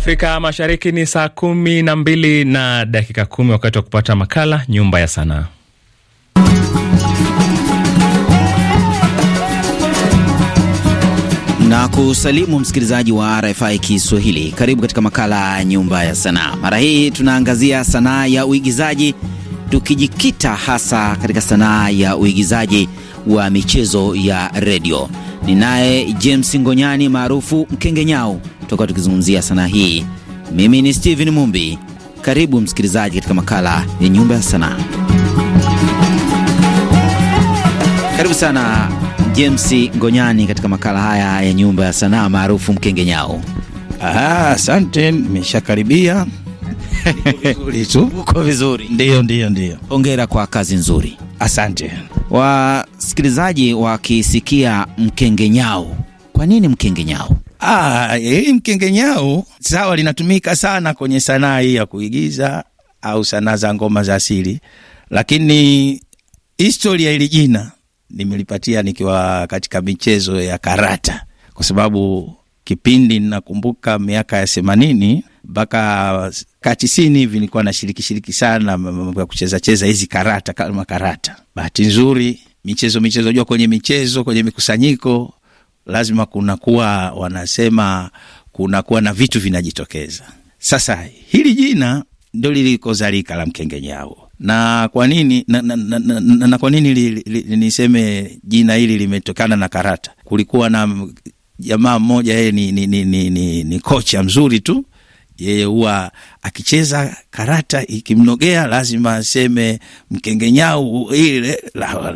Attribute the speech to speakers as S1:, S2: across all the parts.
S1: Afrika Mashariki ni saa kumi na mbili na dakika kumi wakati wa
S2: kupata makala Nyumba ya Sanaa. na kusalimu msikilizaji wa RFI Kiswahili. Karibu katika makala ya nyumba ya sanaa. Mara hii tunaangazia sanaa ya uigizaji, tukijikita hasa katika sanaa ya uigizaji wa michezo ya redio ni naye James Ngonyani maarufu Mkengenyao, tutakuwa tukizungumzia sanaa hii. Mimi ni Steven Mumbi, karibu msikilizaji katika makala ya Nyumba ya Sanaa. Karibu sana James Ngonyani katika makala haya ya Nyumba ya Sanaa maarufu Mkengenyao. Asante, nimeshakaribia vizuri Uko vizuri? Ndio, ndio, ndio. Hongera kwa kazi nzuri. Asante. Wa msikilizaji wakisikia nyau kwa nini mkenge
S1: Ah, hii mkengenyao sawa, linatumika sana kwenye sanaa hii ya kuigiza au sanaa za ngoma za asili, lakini historia hili jina nimelipatia nikiwa katika michezo ya karata, kwa sababu kipindi nakumbuka miaka ya themanini mpaka katisini hivi nilikuwa nashirikishiriki sana mambo ya kuchezacheza hizi karata kama karata. Bahati nzuri michezo michezo. jua kwenye michezo, kwenye mikusanyiko lazima kunakuwa, wanasema kunakuwa na vitu vinajitokeza. Sasa hili jina ndo lilikozalika la Mkengenyao na kwa nini na, na, na, na, na, na kwa nini li, li, li, niseme jina hili limetokana na karata. Kulikuwa na jamaa mmoja yeye ni, ni, ni, ni, ni, ni kocha mzuri tu yeye huwa akicheza karata ikimnogea lazima aseme mkengenyau ile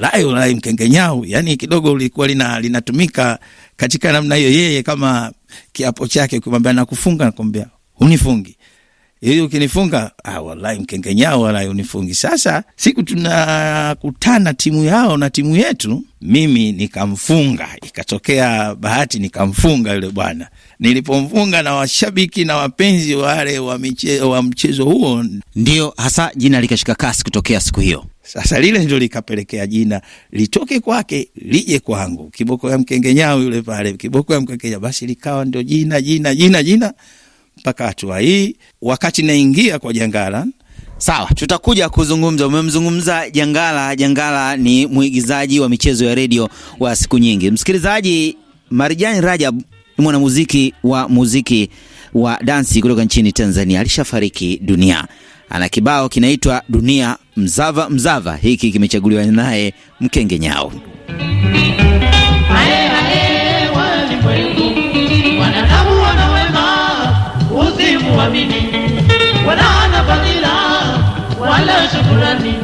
S1: layo mkengenyau. Yani kidogo lilikuwa lina linatumika katika namna hiyo, yeye kama kiapo chake. kimwambia nakufunga, nakwambia unifungi ili ukinifunga, ah, walai mkengenyao, walai unifungi. Sasa siku tunakutana timu yao na timu yetu, mimi nikamfunga, ikatokea bahati nikamfunga yule bwana nilipomfunga na washabiki na wapenzi wale wa, miche, wa mchezo huo, ndio hasa jina
S2: likashika kasi kutokea siku hiyo.
S1: Sasa lile ndio likapelekea jina litoke kwake lije kwangu, Kiboko ya Mkengenyao yule pale, Kiboko ya Mkengenyao. Basi likawa ndio jina jina jina
S2: jina mpaka hatua hii, wakati naingia kwa Jangala. Sawa, tutakuja kuzungumza. Umemzungumza Jangala. Jangala ni mwigizaji wa michezo ya redio wa siku nyingi. Msikilizaji, Marijani Rajab ni mwanamuziki wa muziki wa dansi kutoka nchini Tanzania, alishafariki dunia. Ana kibao kinaitwa Dunia Mzava Mzava, hiki kimechaguliwa naye Mkenge Nyao.
S3: wala shukurani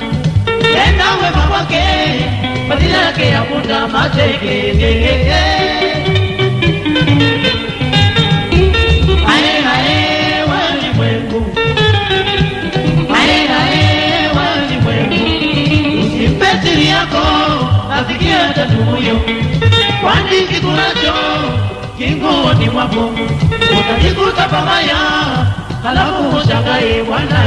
S3: tena wema wake yake mateke shingoni mwako utajikuta pabaya, halafu ushangae bwana.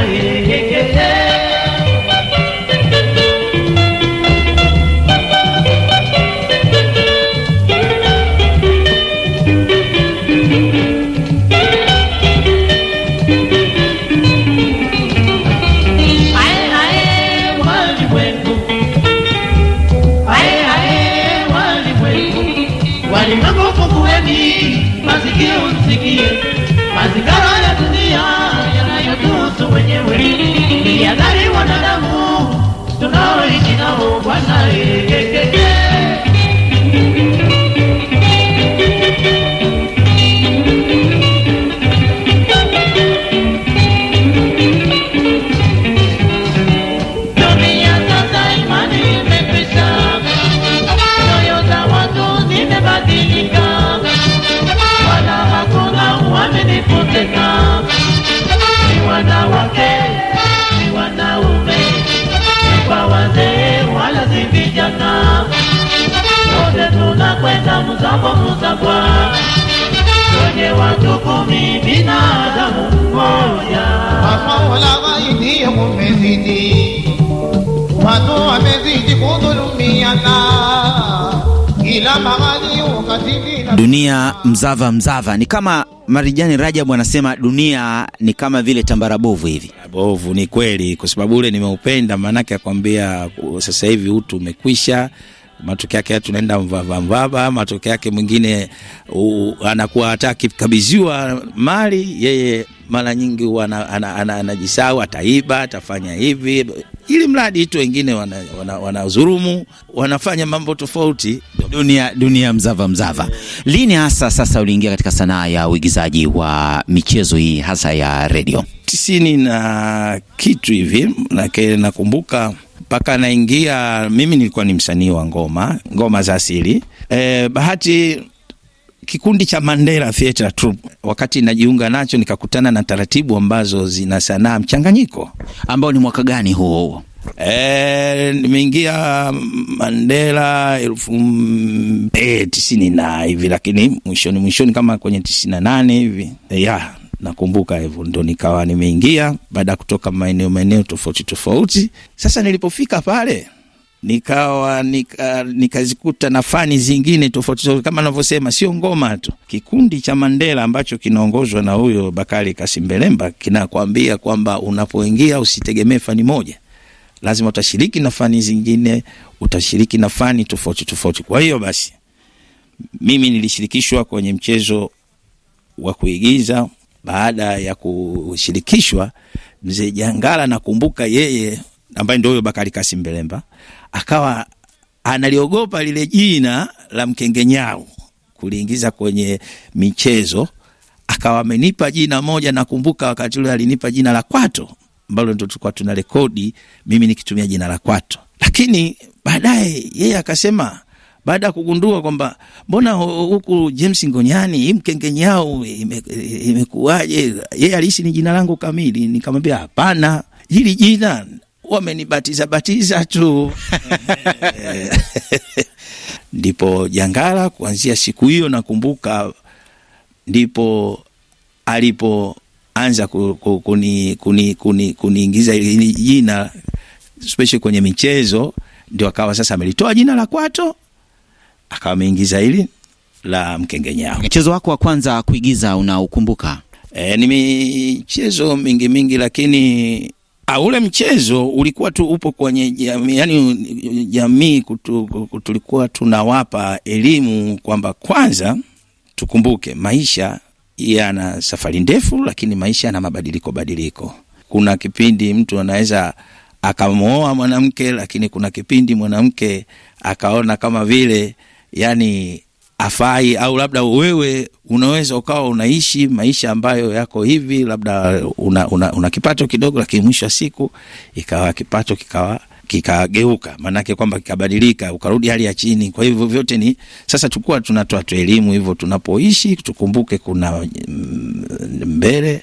S2: Dunia mzava mzava, ni kama Marijani Rajabu anasema dunia ni kama vile tambara bovu hivi. Bovu ni kweli, kwa sababu ule
S1: nimeupenda, maanake akwambia sasa hivi utu umekwisha matokeo yake tunaenda mvava mvava. Matokeo yake mwingine anakuwa hataki kabidhiwa mali, yeye mara nyingi anajisau, ataiba, atafanya hivi,
S2: ili mradi tu wengine wanazurumu, wana, wana wanafanya mambo tofauti. Dunia, dunia mzava mzava. Lini hasa sasa uliingia katika sanaa ya uigizaji wa michezo hii hasa ya redio?
S1: tisini na kitu hivi, nakumbuka mpaka naingia mimi nilikuwa ni msanii wa ngoma ngoma za asili e, bahati kikundi cha Mandela Theatre Troupe wakati najiunga nacho nikakutana na taratibu ambazo zina sanaa mchanganyiko. Ambao ni mwaka gani huo huo? E, nimeingia Mandela elfu e, tisini na hivi, lakini mwishoni mwishoni kama kwenye tisini na nane hivi ya nakumbuka hivyo ndo nikawa nimeingia baada ya kutoka maeneo maeneo tofauti tofauti. Sasa nilipofika pale nikawa nika, nikazikuta na fani zingine tofauti tofauti, kama anavyosema sio ngoma tu. Kikundi cha Mandela ambacho kinaongozwa na huyo Bakari Kasimbelemba kinakwambia kwamba unapoingia usitegemee fani moja, lazima utashiriki na fani zingine, utashiriki na fani tofauti tofauti. Kwa hiyo basi mimi nilishirikishwa kwenye mchezo wa kuigiza baada ya kushirikishwa, mzee Jangala nakumbuka yeye ambaye ndio huyo Bakari Kasim Belemba akawa analiogopa lile jina la mkengenyau kuliingiza kwenye michezo, akawa amenipa jina moja. Nakumbuka wakati ule alinipa jina la Kwato ambalo ndo tulikuwa tuna rekodi, mimi nikitumia jina la Kwato, lakini baadaye yeye akasema baada ya kugundua kwamba mbona huku James Ngonyani hii mkengenyi yao ime Yeye aliishi ni jina langu kamili. Nikamwambia hapana, hili jina wamenibatiza batiza tu ndipo Jangala, kuanzia siku hiyo nakumbuka, ndipo alipoanza kuniingiza kuni, kuni, kuni hili jina special kwenye michezo, ndio akawa sasa amelitoa jina la kwato akawa ameingiza hili la mkengenyao. Mchezo wako wa kwanza kuigiza unaukumbuka? E, ni michezo mingi mingi, lakini a, ah, ule mchezo ulikuwa tu upo kwenye jamii, yani jamii kutu, tulikuwa tunawapa elimu kwamba kwanza tukumbuke maisha yana safari ndefu, lakini maisha yana mabadiliko badiliko. Kuna kipindi mtu anaweza akamwoa mwanamke, lakini kuna kipindi mwanamke akaona kama vile yani afai au labda wewe unaweza ukawa unaishi maisha ambayo yako hivi, labda una, una, una kipato kidogo, lakini mwisho wa siku ikawa kipato kikawa kikageuka, maanake kwamba kikabadilika, ukarudi hali ya chini. Kwa hivyo vyote ni sasa, tukua tunatoa tu elimu hivyo, tunapoishi tukumbuke kuna mm, mbele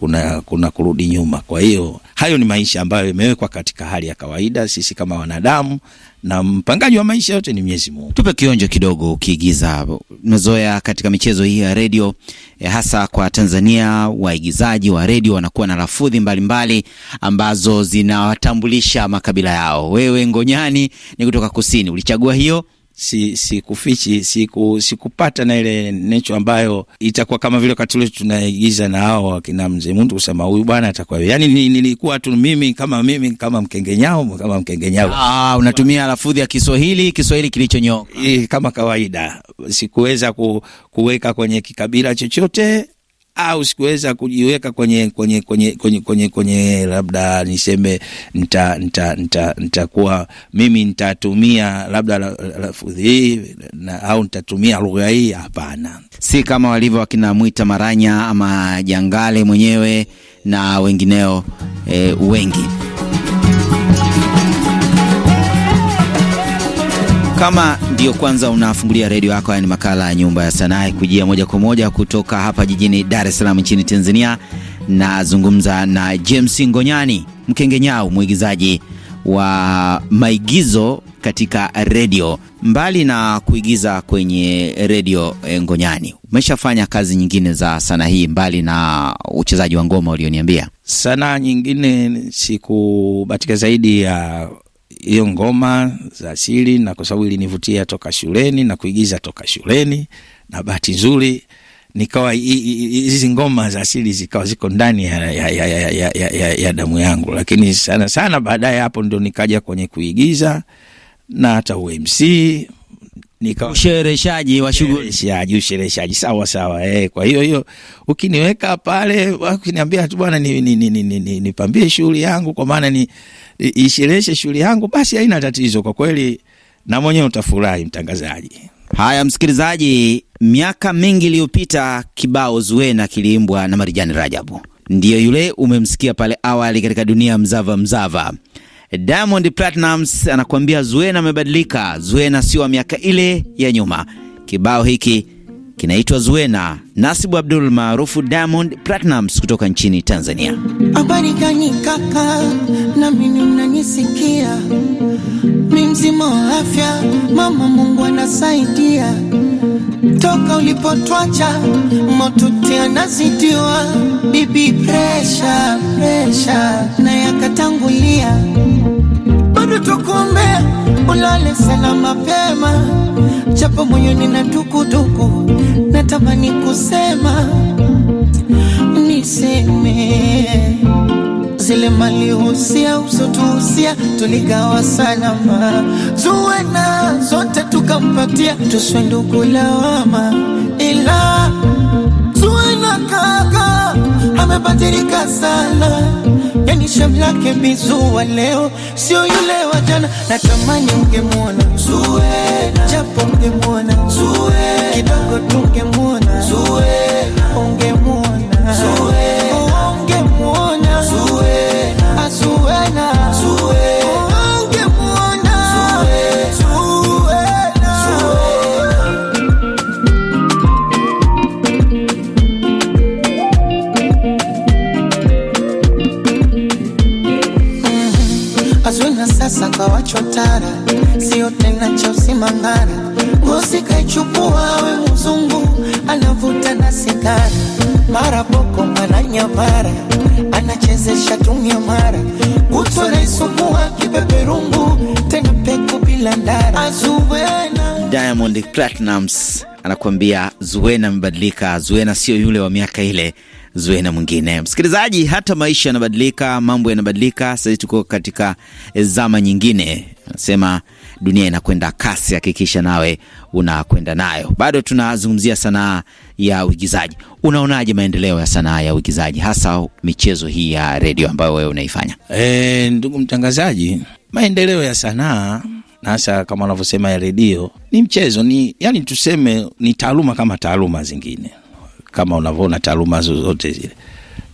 S1: kuna, kuna kurudi nyuma. Kwa hiyo hayo ni maisha ambayo yamewekwa katika
S2: hali ya kawaida sisi kama wanadamu, na mpangaji wa maisha yote ni Mwenyezi Mungu. Tupe kionjo kidogo, ukiigiza mazoea katika michezo hii ya redio e, hasa kwa Tanzania waigizaji wa redio wanakuwa na lafudhi mbalimbali ambazo zinawatambulisha makabila yao. Wewe Ngonyani ni kutoka kusini, ulichagua hiyo
S1: sikufichi, si siku sikupata na ile necho ambayo itakuwa kama vile wakati ule tunaigiza na hao wakina mzee mtu kusema huyu bwana atakuwa yani, nilikuwa tu mimi kama mimi kama mkengenyao kama mkengenyao.
S2: Ah, unatumia lafudhi ya Kiswahili, Kiswahili kilichonyooka eh, kama
S1: kawaida. Sikuweza ku, kuweka kwenye kikabila chochote au sikuweza kujiweka kwenye kwenye kwenye kwenye kwenye kwenye labda niseme nita nita nita nitakuwa mimi nitatumia labda lafudhi hii
S2: au nitatumia lugha hii. Hapana, si kama walivyo wakina Mwita Maranya ama Jangale mwenyewe na wengineo e, wengi Kama ndio kwanza unafungulia redio yako, haya ni makala ya Nyumba ya Sanaa kujia moja kwa moja kutoka hapa jijini Dar es Salaam nchini Tanzania. Nazungumza na James Ngonyani Mkengenyau, mwigizaji wa maigizo katika redio. Mbali na kuigiza kwenye redio, eh, Ngonyani, umeshafanya kazi nyingine za sanaa hii mbali na uchezaji wa ngoma ulioniambia?
S1: Sanaa nyingine sikubatika zaidi ya hiyo ngoma za asili, na kwa sababu ilinivutia toka shuleni na kuigiza toka shuleni, na bahati nzuri nikawa hizi ngoma za asili zikawa ziko ndani ya, ya, ya, ya, ya, ya, ya damu yangu, lakini sana sana baadaye hapo ndo nikaja kwenye kuigiza na hata UMC nika ushereshaji wa shughuli ushereshaji sawa sawa. Eh, kwa hiyo hiyo ukiniweka pale, ukiniambia tu bwana, ni ni ni, ni, ni nipambie shughuli yangu, kwa maana ni ishereshe shughuli yangu, basi haina tatizo kwa kweli, na mwenyewe utafurahi mtangazaji.
S2: Haya, msikilizaji, miaka mingi iliyopita kibao Zuena kiliimbwa na Marijani Rajabu, ndiyo yule umemsikia pale awali katika dunia mzava mzava. Diamond Platnumz anakuambia Zuena amebadilika, Zuena sio wa miaka ile ya nyuma. Kibao hiki kinaitwa Zuena, Nasibu Abdul maarufu Diamond Platnumz kutoka nchini Tanzania.
S3: Habari gani kaka, na mimi unanisikia? Mimi mzima wa afya, mama Mungu anasaidia toka ulipotwacha motote anazidiwa bibi presha presha na yakatangulia bado tukuombea ulale salama pema chapo moyoni na tukutuku natamani kusema niseme zile mali husia usotuhusia tuligawa salama na zote tukampatia tuswendu kulawama ila ila na kaka amebadilika sana yani shamlake bizua leo sio yule wa jana natamani ungemwona na japo ungemwona kidogo tungemwona ungemwona biashara, sio tena cha mangara, Ngozi kaichukua we mzungu, anavuta na sigara, mara boko mara nyamara, anachezesha tumia mara, kutwa naisugua kipeperungu, tena peku bila ndara. azuwena
S2: Diamond Platnumz anakuambia Zuena amebadilika. Zuena sio yule wa miaka ile Zuena mwingine. Msikilizaji, hata maisha yanabadilika, mambo yanabadilika. Sasa tuko katika zama nyingine, nasema dunia inakwenda kasi, hakikisha nawe unakwenda nayo. Bado tunazungumzia sanaa ya uigizaji. Unaonaje maendeleo ya sanaa ya uigizaji, hasa michezo hii ya redio ambayo wewe unaifanya? E, ndugu mtangazaji,
S1: maendeleo ya sanaa na hasa kama wanavyosema ya redio ni mchezo, ni yani tuseme ni taaluma kama taaluma zingine kama unavyoona taaluma zozote zile,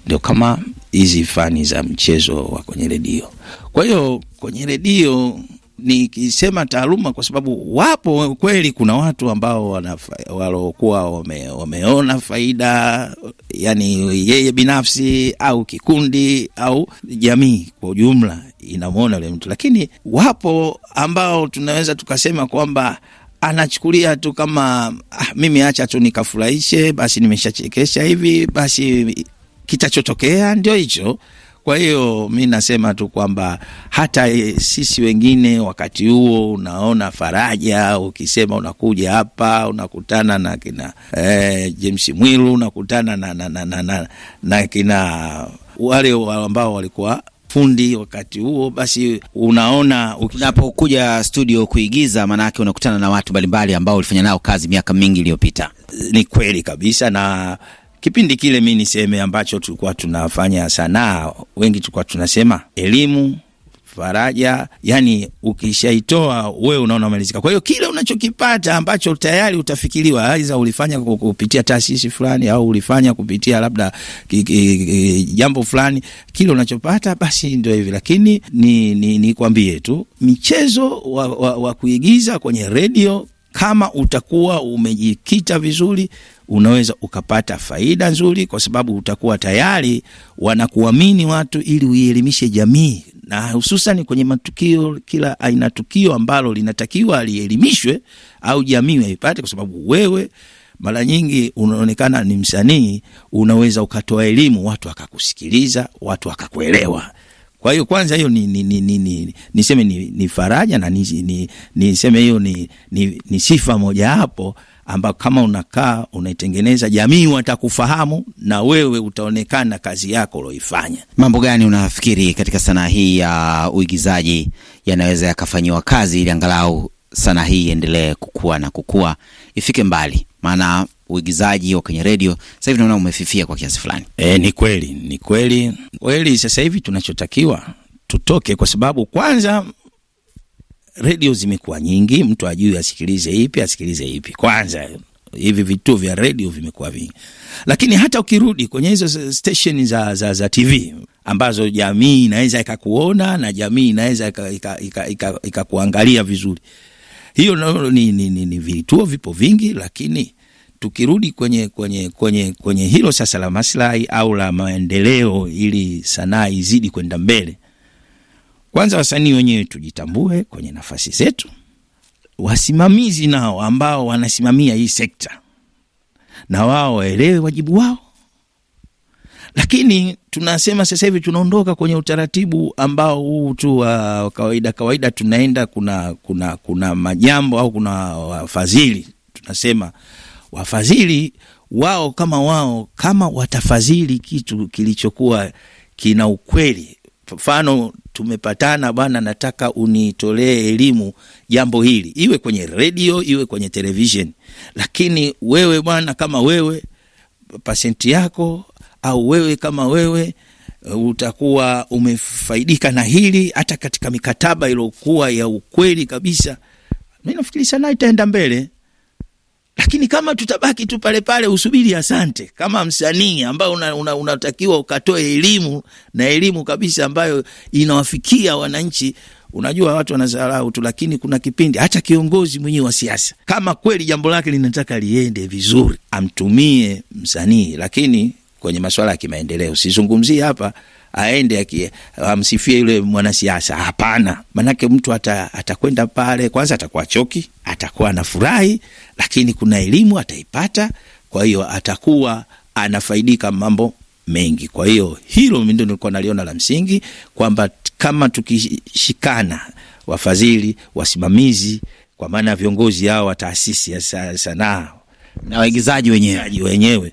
S1: ndio kama hizi fani za mchezo wa kwenye redio. Kwa hiyo kwenye redio nikisema taaluma, kwa sababu wapo kweli, kuna watu ambao walokuwa wame, wameona faida, yani yeye binafsi au kikundi au jamii kwa ujumla inamwona yule mtu, lakini wapo ambao tunaweza tukasema kwamba anachukulia tu kama ah, mimi acha tu nikafurahishe, basi nimeshachekesha hivi, basi kitachotokea ndio hicho. Kwa hiyo mi nasema tu kwamba hata e, sisi wengine wakati huo unaona faraja, ukisema unakuja hapa unakutana na kina e, James Mwilu unakutana na, na, na, na, na, na kina wale ambao walikuwa ufundi wakati huo, basi
S2: unaona unapokuja studio kuigiza, maanake unakutana na watu mbalimbali ambao ulifanya nao kazi miaka mingi iliyopita. Ni kweli kabisa na kipindi kile mi niseme
S1: ambacho tulikuwa tunafanya sanaa, wengi tulikuwa tunasema elimu faraja, yani ukishaitoa wewe unaona umalizika. Kwa hiyo kile unachokipata ambacho tayari utafikiriwa, aidha ulifanya kupitia taasisi fulani au ulifanya kupitia labda jambo fulani, kile unachopata basi ndio hivi. Lakini ni, ni, ni kwambie tu mchezo wa, wa, wa kuigiza kwenye redio kama utakuwa umejikita vizuri, unaweza ukapata faida nzuri, kwa sababu utakuwa tayari wanakuamini watu, ili uielimishe jamii, na hususan kwenye matukio, kila aina tukio ambalo linatakiwa lielimishwe au jamii aipate, kwa sababu wewe mara nyingi unaonekana ni msanii, unaweza ukatoa elimu, watu wakakusikiliza, watu wakakuelewa. Kwa hiyo kwanza hiyo ni, ni, ni, ni, ni, niseme ni, ni faraja na ni, niseme hiyo ni, ni, ni sifa mojawapo ambao kama unakaa unaitengeneza jamii watakufahamu na wewe utaonekana kazi yako uloifanya.
S2: Mambo gani unafikiri katika sanaa hii ya uigizaji yanaweza yakafanyiwa kazi ili angalau sanaa hii iendelee kukua na kukua ifike mbali? maana uigizaji wa kwenye redio sasa hivi naona umefifia kwa kiasi fulani. E, ni kweli, ni kweli kweli. Sasa hivi tunachotakiwa tutoke, kwa sababu
S1: kwanza redio zimekuwa nyingi, mtu ajui asikilize ipi, asikilize ipi. Kwanza hivi vituo vya redio vimekuwa vingi, lakini hata ukirudi kwenye hizo stesheni za, za, za TV ambazo jamii inaweza ikakuona na jamii inaweza ikakuangalia vizuri, hiyo ni, ni, ni, ni vituo vipo vingi, lakini tukirudi kwenye, kwenye, kwenye, kwenye hilo sasa la maslahi au la maendeleo, ili sanaa izidi kwenda mbele, kwanza wasanii wenyewe tujitambue kwenye nafasi zetu, wasimamizi nao ambao wanasimamia hii sekta na wao waelewe wajibu wao. Lakini tunasema sasa hivi tunaondoka kwenye utaratibu ambao huu tu wa kawaida kawaida, tunaenda kuna, kuna, kuna majambo au kuna wafadhili tunasema wafadhili wao kama wao kama watafadhili kitu kilichokuwa kina ukweli. Mfano, tumepatana bwana, nataka unitolee elimu jambo hili, iwe kwenye redio iwe kwenye televishen lakini wewe bwana, kama wewe pasenti yako au wewe kama wewe utakuwa umefaidika na hili, hata katika mikataba iliokuwa ya ukweli kabisa. Mi nafikiri sanaa itaenda mbele. Lakini kama tutabaki tu pale pale, usubiri asante, kama msanii ambayo unatakiwa una, una ukatoe elimu na elimu kabisa ambayo inawafikia wananchi. Unajua watu wanazarau tu, lakini kuna kipindi hata kiongozi mwenyewe wa siasa kama kweli jambo lake linataka liende vizuri amtumie msanii, lakini kwenye masuala ya kimaendeleo sizungumzie hapa aende amsifie yule mwanasiasa. Hapana, manake mtu atakwenda ata, pale kwanza, atakuwa choki, atakuwa anafurahi, lakini kuna elimu ataipata, kwa hiyo atakuwa anafaidika mambo mengi. Kwa hiyo hilo mindo nilikuwa naliona la msingi kwamba kama tukishikana, wafadhili, wasimamizi, kwa maana ya viongozi hao wa taasisi ya sanaa na waigizaji wenyewe wenyewe,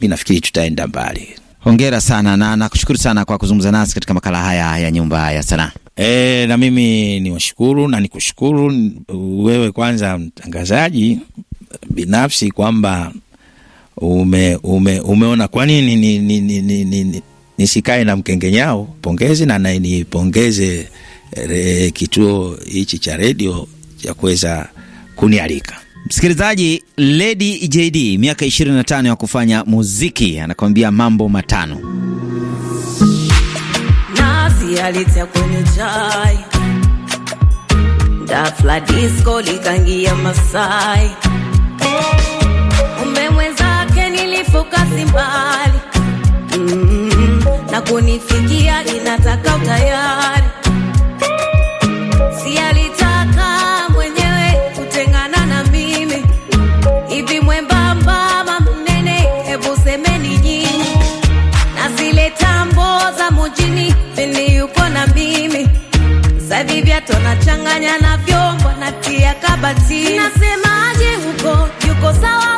S1: mi nafikiri tutaenda mbali.
S2: Hongera sana na nakushukuru sana kwa kuzungumza nasi katika makala haya ya Nyumba ya Sanaa.
S1: E, na mimi ni washukuru na nikushukuru wewe kwanza mtangazaji binafsi kwamba ume, ume, umeona kwa nini ni, ni, ni, ni, ni, ni, nisikae na mkengenyao. Pongezi na nanipongeze
S2: eh, kituo hichi cha redio cha kuweza kunialika. Msikilizaji, Lady JD miaka 25 ya kufanya muziki anakuambia mambo matano.
S4: Nazi alitia kwenye chai, dafla disco likangia Masai, umbe mwenzake nilifoka mbali mm, na kunifikia inataka utayari na mimi zavi vyato nachanganya na vyombo natia kabati, nasemaje huko yuko sawa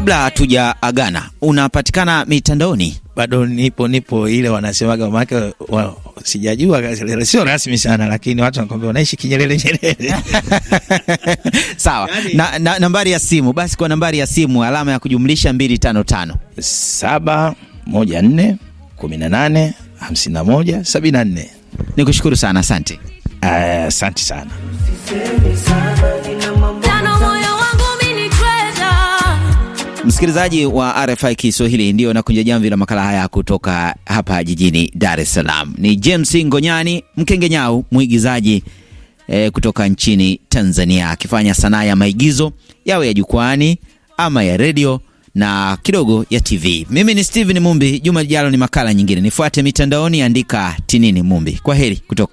S2: Kabla hatuja agana, unapatikana
S1: mitandaoni? Bado nipo nipo, ile wanasemaga make wa, sijajua
S2: sio rasmi sana, lakini watu wanakwambia unaishi kinyelele nyelele. Sawa yaani- na, na, nambari ya simu basi, kwa nambari ya simu alama ya kujumlisha 255 714 18 51 74. Nikushukuru sana, asante. Eh, asante uh, sana. Msikilizaji wa RFI Kiswahili, ndiyo nakunja jamvi la makala haya kutoka hapa jijini Dar es Salaam. Ni James Ngonyani Mkengenyau, mwigizaji e, kutoka nchini Tanzania, akifanya sanaa ya maigizo yawe ya jukwani ama ya redio na kidogo ya TV. Mimi ni Steven Mumbi. Juma lijalo ni makala nyingine. Nifuate mitandaoni, andika Tinini Mumbi. Kwa heri kutoka